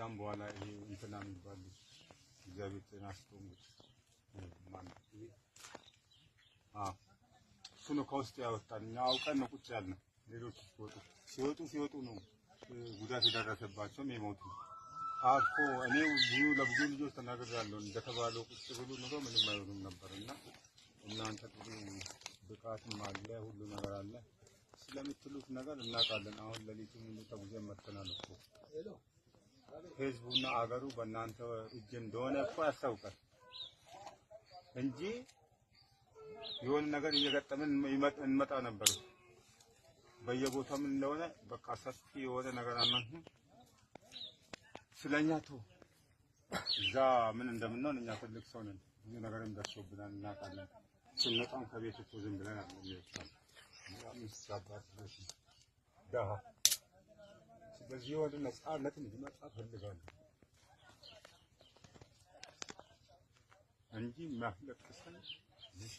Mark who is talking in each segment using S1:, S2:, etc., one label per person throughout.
S1: ከዛም በኋላ ይሄ እንትና የሚባል ልጅ እግዚአብሔር ጤና ስቶ ማን እሱ ነው ከውስጥ ያወጣን። እኛ አውቀን ነው ቁጭ ያልነው። ሌሎች ሲወጡ ሲወጡ ሲወጡ ነው ጉዳት የደረሰባቸውም የሞቱ አልፎ እኔ ብዙ ለብዙ ልጆች ተናግሬያለሁ። እንደተባለው ቁጭ ብሉ ኑሮ ምንም አይሆኑም ነበር እና እናንተ ጥሩ ብቃትም አለ ሁሉ ነገር አለ ስለምትሉት ነገር እናውቃለን። አሁን ሌሊቱ ሙሉ ተጉዘን መጥተናል እኮ ህዝቡና አገሩ በእናንተ እጅ እንደሆነ እኮ ያስታውቃል እንጂ የሆነ ነገር እየገጠምን እንመጣ ነበር። በየቦታው ምን እንደሆነ በቃ ሰፊ የሆነ ነገር አናንተ ስለኛ ቶ እዛ ምን እንደምንሆን እኛ ትልቅ ሰው ነን። ይህ ነገርም ደርሶብናል፣ እናውቃለን። ስንመጣም ከቤት እኮ ዝም ብለን አለ በዚህ ወደ ነጻነት እንዲመጣ ፈልጋለሁ እንጂ የሚያስለቅሰን እዚህ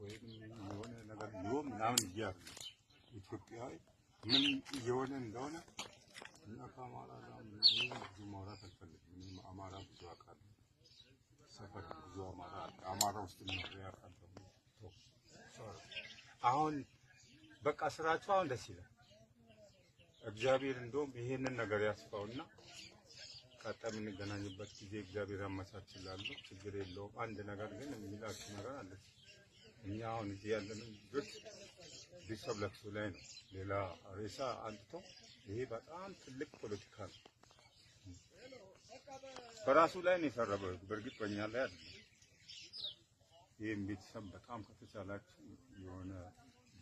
S1: ወይም የሆነ ነገር ሊሆን ምናምን እያሉ ኢትዮጵያዊ ምን እየሆነ እንደሆነ እና ከአማራ ጋር ብዙ ማውራት አልፈልግም። እኔም አማራ ብዙ አውቃለሁ። ሰፈር ብዙ አማራ አማራ ውስጥ ምር ያውቃለሁ። አሁን በቃ ስራቸው አሁን ደስ ይላል። እግዚአብሔር እንደውም ይሄንን ነገር ያስፋውና ቀጣይ የምንገናኝበት ጊዜ እግዚአብሔር ያመቻችላለሁ። ችግር የለውም። አንድ ነገር ግን የሚላችሁ ነገር አለ። እኛ አሁን እዚህ ያለንም ግድ ቤተሰብ ለቅሶ ላይ ነው። ሌላ ሬሳ አንጥቶ ይሄ በጣም ትልቅ ፖለቲካ ነው። በራሱ ላይ ነው የሰረበው። በእርግጥ በእኛ ላይ አለ። ይህም ቤተሰብ በጣም ከተቻላችሁ የሆነ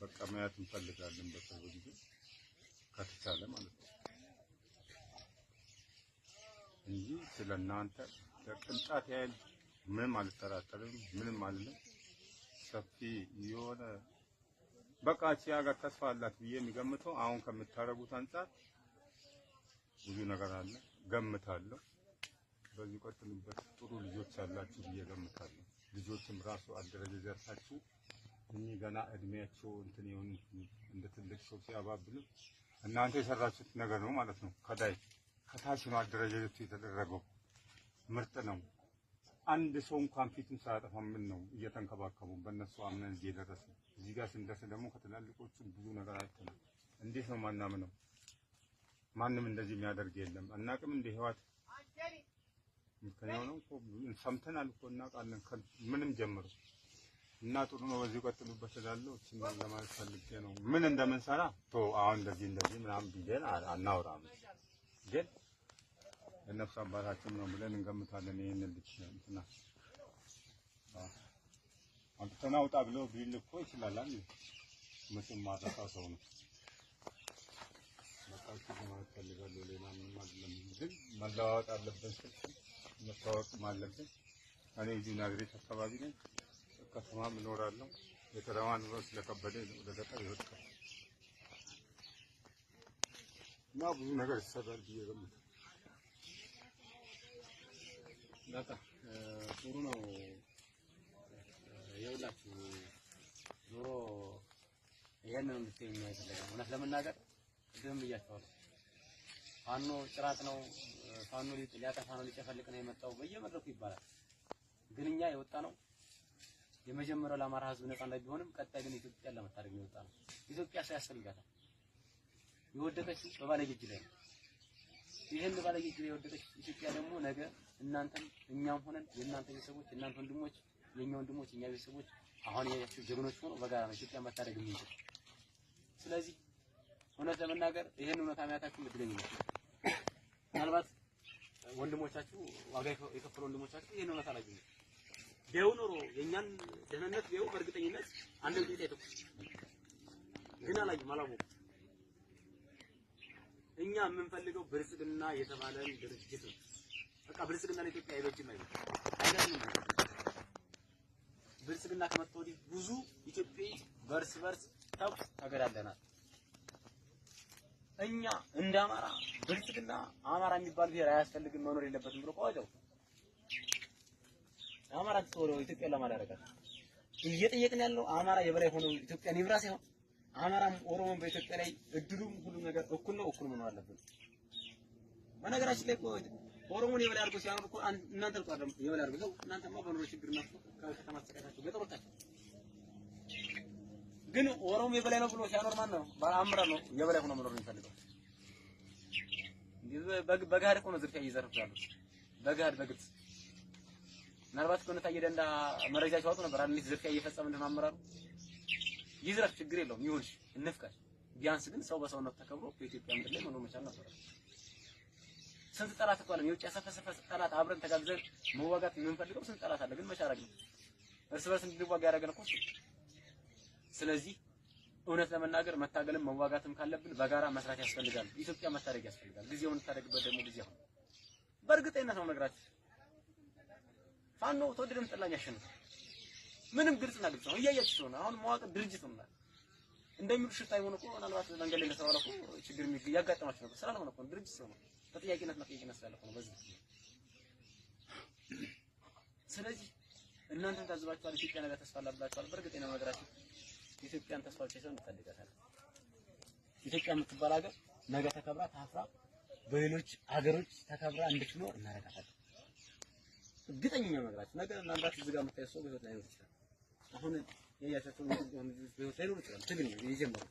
S1: በቃ ማየት እንፈልጋለን በሰው ጊዜ ከተቻለ ማለት ነው እንጂ ስለ እናንተ ለቅንጣት ያህል ምንም አልጠራጠርም፣ ምንም አልልም። ሰፊ የሆነ በቃ እቺ ሀገር ተስፋ አላት ብዬ የሚገምተው አሁን ከምታደርጉት አንጻር ብዙ ነገር አለ ገምታለሁ። በዚህ ቀጥሉበት፣ ጥሩ ልጆች አላችሁ ብዬ ገምታለሁ። ልጆችም ራሱ አደረጃጀታችሁ እኚህ ገና እድሜያቸው እንትን የሆኑ እንደ ትልቅ ሰው ሲያባብሉ እናንተ የሰራችሁት ነገር ነው ማለት ነው። ከላይ ከታች ነው አደረጃጀቱ የተደረገው። ምርጥ ነው። አንድ ሰው እንኳን ፊቱን ሳያጠፋ ምን ነው እየተንከባከቡ በእነሱ አምነን እዚህ የደረሰ እዚህ ጋር ስንደርስ ደግሞ ከትላልቆቹ ብዙ ነገር አይተናል። እንዴት ነው ማናምነው? ማንም እንደዚህ የሚያደርግ የለም። አናቅም እንደ ህዋት ምክንያቱ ነው ሰምተናል እኮ እናውቃለን። ምንም ጀምሩ እና ጥሩ ነው። በዚህ ቀጥሉበት እላለሁ። እቺ ነው ለማለት ፈልጌ ነው። ምን እንደምንሰራ ቶ አሁን እንደዚህ እንደዚህ ምናምን ቢለን አናወራም፣ ግን የነፍስ አባታችን ነው ብለን እንገምታለን። ይሄን ልጅ እንትና አንተና ውጣ ብለው ቢል እኮ ይችላል አይደል? ምንም ማጣጣ ሰው ነው መጣች ለማለት ፈልጋለሁ። ሌላ ምንም አይደለም፣ ግን መለዋወጥ አለብን፣ መታወቅም አለብን። እኔ እዚህ ናዝሬት አካባቢ ነኝ። ከተማም እኖራለሁ። የከተማ ኑሮ ስለከበደ ወደ ገጠር እና ብዙ ነገር ይሰራል ብዬ ገምታለሁ። በጣም ጥሩ ነው። የሁላችሁ ኑሮ ይሄንን ነው የምትይ እውነት ለመናገር ቅድም ብያቸዋለሁ። ፋኖ ጭራት ነው፣ ፋኖ ሊያጠፋ ነው፣ ሊጨፈልቅ ነው የመጣው በየመድረኩ ይባላል። ግን እኛ የወጣ ነው የመጀመሪያው ለአማራ ህዝብ ነጻነት ቢሆንም ቀጣይ ግን ኢትዮጵያን ለመታደግ የወጣ ነው። ኢትዮጵያ ሰው ያስፈልጋታል። የወደቀችው በባለጌ እጅ ላይ ነው። ይህን ባለጌ እጅ ላይ የወደቀች ኢትዮጵያ ደግሞ ነገ እናንተም እኛም ሆነን የእናንተ ቤተሰቦች የእናንተ ወንድሞች የእኛ ወንድሞች የእኛ ቤተሰቦች አሁን ያያችሁ ጀግኖች ሆኖ በጋራ ነው ኢትዮጵያ መታደግ የሚችል። ስለዚህ እውነት ለመናገር ይህን እውነት አሚያታችሁ ልትገኙ ነው። ምናልባት ወንድሞቻችሁ ዋጋ የከፈሉ ወንድሞቻችሁ ይህን እውነት አላገኙም። ቢያዩ ኖሮ የእኛን ደህንነት ቢያዩ በእርግጠኝነት አንድ ጊዜ ተይተኩስ ግን አላየም አላወቁም። እኛ የምንፈልገው ብልጽግና የተባለን ድርጅት ነው። በቃ ብልጽግና ለኢትዮጵያ አይበጅም አይደለም አይደለም። ብልጽግና ከመጣ ወዲህ ብዙ ኢትዮጵያዊ በርስ በርስ ተኩስ ተገዳለናል። እኛ እንደ አማራ ብልጽግና አማራ የሚባል ብሔር አያስፈልግም መኖር የለበትም ብሎ ቆጨው። አማራ ተወለው ኢትዮጵያ ለማዳረጋት እየጠየቅን ያለው አማራ የበላይ ሆኖ ኢትዮጵያን ይብራ ሳይሆን አማራም ኦሮሞም በኢትዮጵያ ላይ እድሉም ሁሉ ነገር እኩል ነው፣ እኩል መኖር አለብን። በነገራችን ላይ ኦሮሞን የበላይ አድርጎ ሲያኖር እኮ እናንተ ልቆ አይደለም የበላይ አድርጎ እናንተማ በኑሮ ችግር ነው ከተማ አስተካካችሁ ገጠሮታችሁ። ግን ኦሮሞ የበላይ ነው ብሎ ሲያኖር ማን ነው? ባአምራ ነው የበላይ ሆኖ መኖር የሚፈልገው። በጋድ እኮ ነው ዝርፊያ እየዘረፉ ያሉት በጋድ በግልጽ ምናልባት ከሆነ ታየ ደንዳ መረጃ ሲያወጡ ነበር አንዲት ዝርፊያ እየፈጸመ እንደሆነ አመራሩ ይዝረፍ፣ ችግር የለውም ይሁንሽ፣ እንፍቀር። ቢያንስ ግን ሰው በሰውነት ተከብሮ በኢትዮጵያ ምድር ላይ መኖር መቻል ነበር። ስንት ጠላት እኮ አለ የውጭ ያሰፈሰፈ ጠላት አብረን ተጋግዘን መዋጋት የምንፈልገው ስንት ጠላት አለ፣ ግን መቻረግ ነው እርስ በርስ እንድንዋጋ ያደረገን እኮ ስለዚህ እውነት ለመናገር መታገልም መዋጋትም ካለብን በጋራ መስራት ያስፈልጋል። ኢትዮጵያ መታደግ ያስፈልጋል። ጊዜውን እንታደግበት ደግሞ ጊዜ አሁን በእርግጠኝነት ነው ነግራችሁ ፋኖ ተወደደም ጠላም ያሸንፋል። ምንም ግልጽና ግልጽ ነው። እያያችሁ ስለሆነ አሁን መዋቅር ድርጅት ነው እንደሚሉ ሽታ ይሆን እኮ ምናልባት መንገድ ላይ እንደተባለ እኮ ችግር ያጋጠማችሁ ነበር። ስላልሆነ እኮ ድርጅት ስለሆነ ተጠያቂነት መጠየቅነት ስላለ እኮ ነው በዚህ ስለዚህ እናንተን ታዝባችኋል። ኢትዮጵያ ነገር ተስፋ አላብላችኋል። በእርግጥ ነው ነገራችሁ ኢትዮጵያን ተስፋ ብቻ ሳይሆን እንፈልጋታለን። ኢትዮጵያ የምትባል ሀገር ነገ ተከብራ ታፍራ በሌሎች ሀገሮች ተከብራ እንድትኖር እናደርጋታለን። እርግጠኛ የምነግራችሁ ነገር ምናልባት እዚህ ጋር የምታየው ሰው በህይወት ላይኖር ይችላል። አሁን የያሻቸው በህይወት ላይኖር ይችላል። ትግል ነው የጀመረው።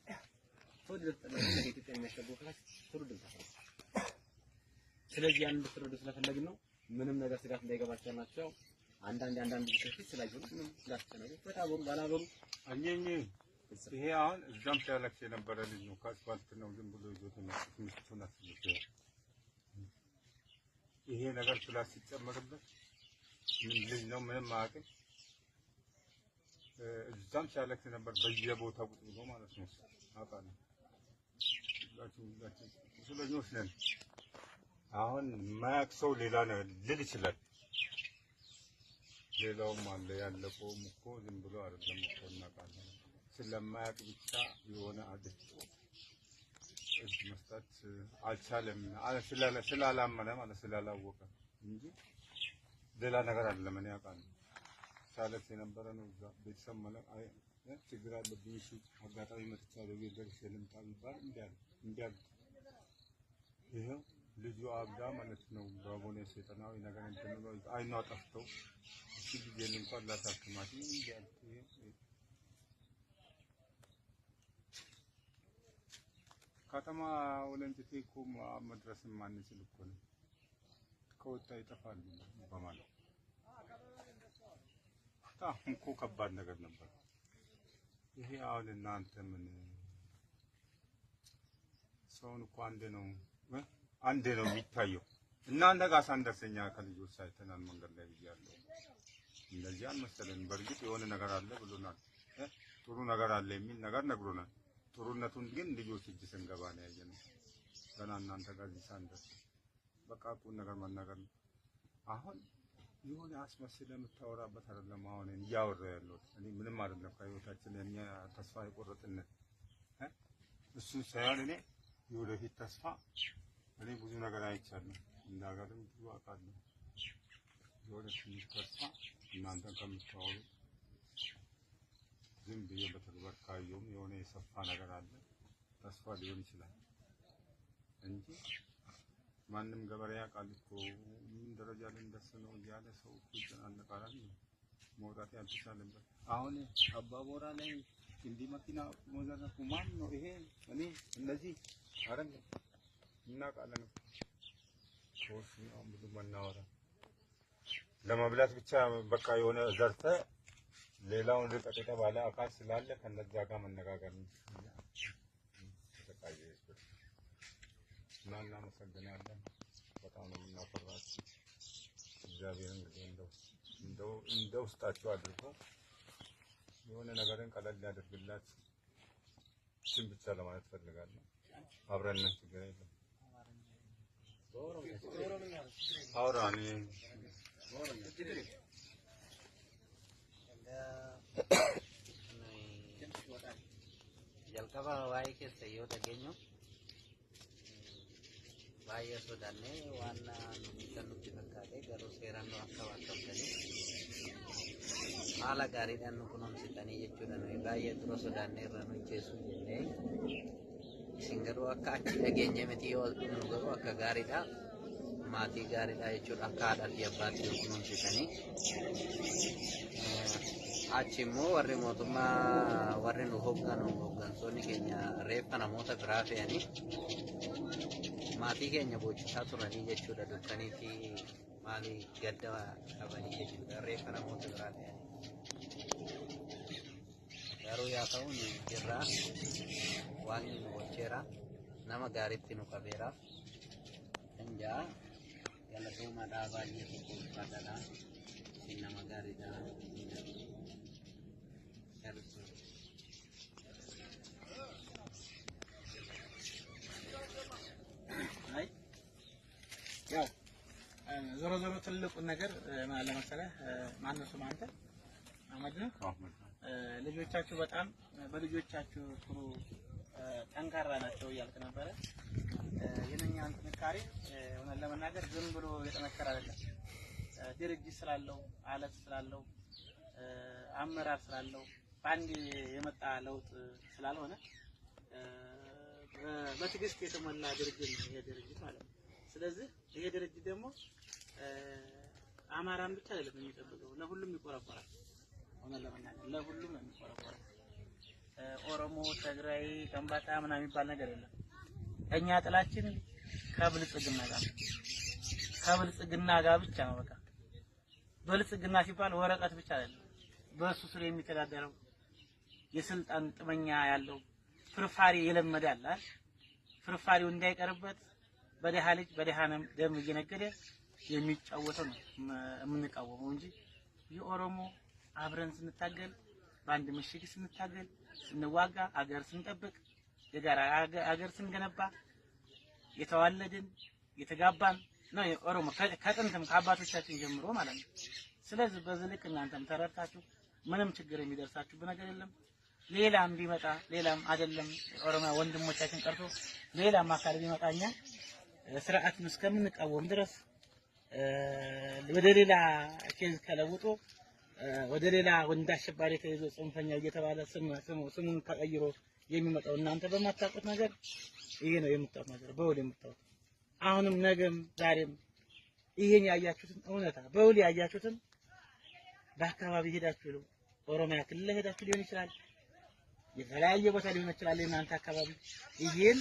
S1: ተወልደው ተጠላችሁ ለኢትዮጵያ የሚያስፈልገው ትውልድ ነው። ስለዚህ ያን እንድትረዱ ስለፈለግን ነው። ምንም ነገር ስጋት እንዳይገባቸው ናቸው። አንዳንድ አንዳንድ ቢሰፊት ስላየሁት ምንም ስላስተናገሩ በታበሩ ባላበሩ አኘኝ ይሄ አሁን እዛም ሲያለቅስ የነበረ ልጅ ነው። ከአስፋልት ነው ዝም ብሎ ይዞት ነው ይሄ ነገር ፕላስ ሲጨመርበት ምንድን ነው ምንም አያውቅም። እዛም ሲያለቅስ ነበር በየቦታው ቁጭ ብሎ ማለት ነው። አውቃለሁ ቁስለኞች ነን። አሁን የማያውቅ ሰው ሌላ ልል ይችላል። ሌላውም አለ ያለቀውም እኮ ዝም ብሎ አይደለም እኮ እናውቃለን። ስለማያውቅ ብቻ የሆነ አድርጎ እጅ መስጠት አልቻለም ስላላመነ ማለት ስላላወቀ እንጂ ሌላ ነገር አይደለም። እኔ አውቃለሁ ሳለቅስ የነበረ ነው። እዛ ቤተሰብ ማለት አይ ችግር አለብኝ እሺ፣ አጋጣሚ መጥቻለሁ ቤት ደርሼ ልምጣ ቢባል እንዲያል ይኸው ልጁ አብዳ ማለት ነው። ባቦኔ ሰይጣናዊ ነገር እንትን ነው። አይኗ ጠፍቶ እሺ ልጄን እንኳን ላሳክማት እንዲያል ከተማ ወለንጭቴ እኮ መድረስም አንችል እኮ ነው ከወጣ ይጠፋሉ በማለት በጣም እኮ ከባድ ነገር ነበር። ይሄ አሁን እናንተ ምን ሰውን እኮ አንድ ነው አንድ ነው የሚታየው። እናንተ ጋር ሳንደርሰኛ ከልጆች ሳይተናል መንገድ ላይ ብያለሁ። እንደዚህ አልመሰለን። በእርግጥ የሆነ ነገር አለ ብሎናል። ጥሩ ነገር አለ የሚል ነገር ነግሮናል። ጥሩነቱን ግን ልጆች እጅ ስንገባ ነው ያየነው። ገና እናንተ ጋር ሳንደርስ በቃ ቁም ነገር መናገር ነው። አሁን የሆነ አስመስል የምታወራበት አይደለም። አሁን እያወራ ያለሁት እኔ ምንም አይደለም። ከህይወታችን የኛ ተስፋ የቆረጥነት እሱን ሳይሆን እኔ የወደፊት ተስፋ እኔ ብዙ ነገር አይቻለሁ፣ እንደ ሀገርም ብዙ አውቃለሁ። የወደፊት ተስፋ እናንተን ከምታወሩ ዝም ብዬ በተግባር ካየሁም የሆነ የሰፋ ነገር አለ ተስፋ ሊሆን ይችላል እንጂ মান্নম গবেরিয়া কালিকো নি দরজালেন্দাসনো ইয়ালে সৌকুজাল নাকারানি মোরাতি আলচালেনবা আউনে আবাবোরা নেই হিন্দি মকি না মোজা কা কমান নহি হে বানি kendzi আরং নাকালে না হোসি আমু দমান নারা লমাব্লাত বিচা বকায় ওনে জারতা লেলা ওনরে পটেকা বালে আকাশ লাললে খাননা জাগা মনাগাগা እናመሰግናለን። በጣም ነው የምናፈራችሁ። እግዚአብሔር እንግዲህ እንደው እንደው እንደ ውስጣችሁ አድርጎ የሆነ ነገርን ቀለል ያድርግላችሁ። እሱን ብቻ ለማለት ፈልጋለሁ። አብረን ነን፣ ችግር የለም። አውራኒ
S2: jalqaba waa'ee keessa yoo dhageenyu బాగా చేస్తూ దాన్ని వాళ్ళ ఇద్దరు నుంచి కక్కాలి గరు సేరన్ను అక్క వస్తుంది వాళ్ళ గారి నన్ను కొనసిద్దని చెప్పినాను ఇలా ఎదురు దాన్ని రన్ చేస్తుంది సింగరు అక్క అచ్చిన గెంజమితి నువ్వు ఒక్క గారిగా మాతి గారిగా ఇచ్చుడు అక్క అడలి అబ్బాయి కొనసిద్దని ಆಚಿಮ್ಮು ವರ್ರಿ ಮೋತುಮ್ಮ ವರ್ರಿ ಹೋಗ್ಗಾನು ಹೋಗ್ಗಾನು ಸೋನಿಗೆ ರೇಪನ ಮೂತ ಗ್ರಾಫೆ ಅನಿ maatii keenya boocisaa turanii jechuudha dukkanii fi maalii gadda qabanii jechuudha reeffa namoota biraa Garuu yaa ta'uun irraa waaqni nu gocheera nama gaariitti nu qabeeraaf danja'a galateema Baay'ee jiru kun fadadhaa nama gaariidhaa. ትልቁን ነገር ለመሰለህ ማነው ስም አንተ አህመድ ነው። ልጆቻችሁ በጣም በልጆቻችሁ ጥሩ ጠንካራ ናቸው እያልክ ነበረ። የእኛን ጥንካሬ እውነት ለመናገር ዝም ብሎ የጠነከረ አይደለም። ድርጅት ስላለው አለት ስላለው አመራር ስላለው በአንድ የመጣ ለውጥ ስላልሆነ በትዕግስት የተሞላ ድርጅት ነው ይሄ ድርጅት ማለት ነው። ስለዚህ ይሄ ድርጅት ደግሞ አማራን ብቻ አይደለም የሚጠብቀው፣ ለሁሉም ይቆረቆራል። እውነት ለሁሉም ነው ኦሮሞ፣ ትግራይ፣ ከምባታ ምናምን የሚባል ነገር የለም። እኛ ጥላችን ከብልጽግና ጋር ከብልጽግና ጋር ብቻ ነው በቃ። ብልጽግና ሲባል ወረቀት ብቻ አይደለም። በእሱ ስር የሚተዳደረው የስልጣን ጥመኛ ያለው ፍርፋሪ የለመደ አለ ፍርፋሪው እንዳይቀርበት በደሃ ልጅ በደሃ ደም እየነገደ የሚጫወተው ነው የምንቃወመው እንጂ የኦሮሞ አብረን ስንታገል በአንድ ምሽግ ስንታገል ስንዋጋ አገር ስንጠብቅ የጋራ አገር ስንገነባ የተዋለድን የተጋባን ነው የኦሮሞ ከጥንትም ከአባቶቻችን ጀምሮ ማለት ነው። ስለዚህ በዚህ ልክ እናንተም ተረድታችሁ ምንም ችግር የሚደርሳችሁ ነገር የለም። ሌላም ቢመጣ ሌላም አይደለም ኦሮሚያ ወንድሞቻችን ቀርቶ ሌላም አካል ቢመጣ እኛ ስርዓቱን እስከምንቃወም ድረስ ወደ ሌላ ኬዝ ተለውጦ ወደ ሌላ ወንድ አሸባሪ ተይዞ ጽንፈኛ እየተባለ ስሙን ተቀይሮ የሚመጣው እናንተ በማታውቁት ነገር ይሄ ነው የምታውቁት ነገር በውል የምታውቁት አሁንም ነገም ዛሬም ይሄን ያያችሁትን እውነታ በውል ያያችሁትን በአካባቢ ሄዳችሁ ኦሮሚያ ክልል ሄዳችሁ ሊሆን ይችላል የተለያየ ቦታ ሊሆን ይችላል፣ እናንተ አካባቢ። ይሄን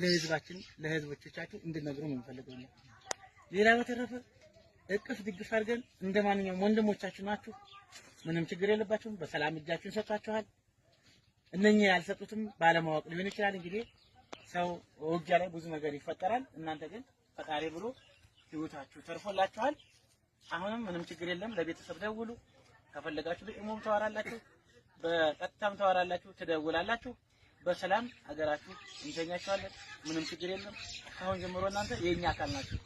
S2: ለህዝባችን ለህዝቦቻችን እንድነግሩ ነው የምፈልገው። ሌላ በተረፈ እቅፍ ድግፍ አድርገን እንደማንኛውም ወንድሞቻችሁ ናችሁ። ምንም ችግር የለባችሁም። በሰላም እጃችሁን ሰጥቷችኋል። እነኛ ያልሰጡትም ባለማወቅ ሊሆን ይችላል። እንግዲህ ሰው ውጊያ ላይ ብዙ ነገር ይፈጠራል። እናንተ ግን ፈጣሪ ብሎ ህይወታችሁ ተርፎላችኋል። አሁንም ምንም ችግር የለም። ለቤተሰብ ደውሉ፣ ከፈለጋችሁ ደግሞ ታወራላችሁ። በቀጥታም ታወራላችሁ፣ ትደውላላችሁ። በሰላም ሀገራችሁ እንተኛችኋለን። ምንም ችግር የለም። ካሁን ጀምሮ እናንተ የኛ አካል ናችሁ።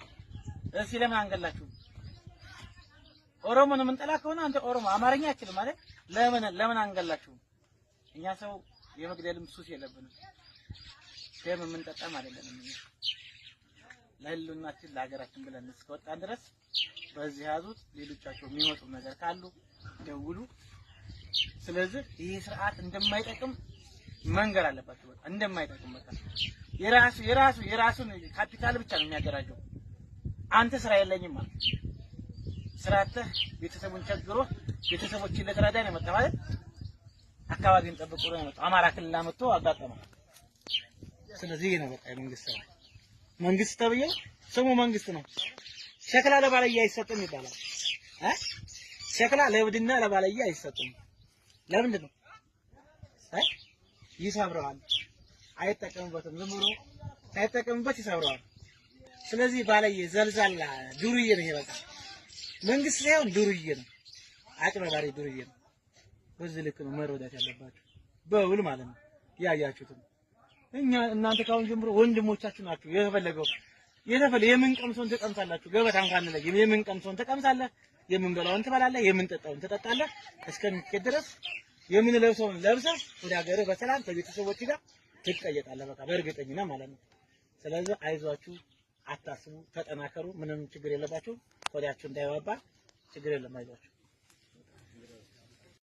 S2: እስኪ ለምን አንገላችሁ? ኦሮሞን የምንጠላ ከሆነ አንተ ኦሮሞ አማርኛ አችልም ማለት ለምን ለምን አንገላችሁ? እኛ ሰው የመግደልም ሱስ የለብንም። ደም የምንጠጣም አይደለንም። ለህልውናችን ለሀገራችን ብለን እስከወጣን ድረስ በዚህ ያዙት። ሌሎቻቸው የሚመጡ ነገር ካሉ ደውሉ። ስለዚህ ይህ ስርዓት እንደማይጠቅም መንገር አለባቸው። በቃ እንደማይጠቅም በቃ የራሱ የራሱ የራሱን ካፒታል ብቻ ነው የሚያደራጀው። አንተ ስራ የለኝም ማለት ስራተህ ቤተሰቡን ቸግሮ ቤተሰቦችን ለተረዳ ነው የመጣ ማለት አካባቢን ጠብቆ ነው የመጣው። አማራ ክልል አመጥቶ አጋጠመ። ስለዚህ ነው በቃ የመንግስት ስራ መንግስት ተብዬ ስሙ መንግስት ነው። ሸክላ ለባለየ አይሰጥም ይባላል እ ሸክላ ለእብድና ለባለየ አይሰጥም። ለምንድን ነው ይሰብረዋል? አይጠቀምበትም። ዝም ብሎ ሳይጠቀምበት ይሰብረዋል። ስለዚህ ባለየ ዘልዛላ ዱርዬ ነው። ይበቃ መንግስት ሳይሆን ዱርዬ ነው፣ አጭበርባሪ ዱርዬ ነው። በዚህ ልክ ነው መረዳት ያለባችሁ በውል ማለት ነው። ያያችሁት እኛ እናንተ ካሁን ጀምሮ ወንድሞቻችሁ ናችሁ። የፈለገው የተፈለ ቀምሶን ተቀምሳላችሁ። ገበታ እንኳን ላይ የምንቀምሰውን ተቀምሳለህ የምንበላውን ትበላለህ፣ የምንጠጣውን ትጠጣለህ። እስከሚኬድ ድረስ የምንለብሰውን ለብሰህ ወደ ሀገርህ በሰላም ከቤተሰቦች ጋር ትቀየጣለህ። በቃ በእርግጠኝነት ማለት ነው። ስለዚህ አይዟችሁ፣ አታስቡ፣ ተጠናከሩ። ምንም ችግር የለባችሁ። ቆዳችሁ እንዳይባባ ችግር የለም። አይዟችሁ።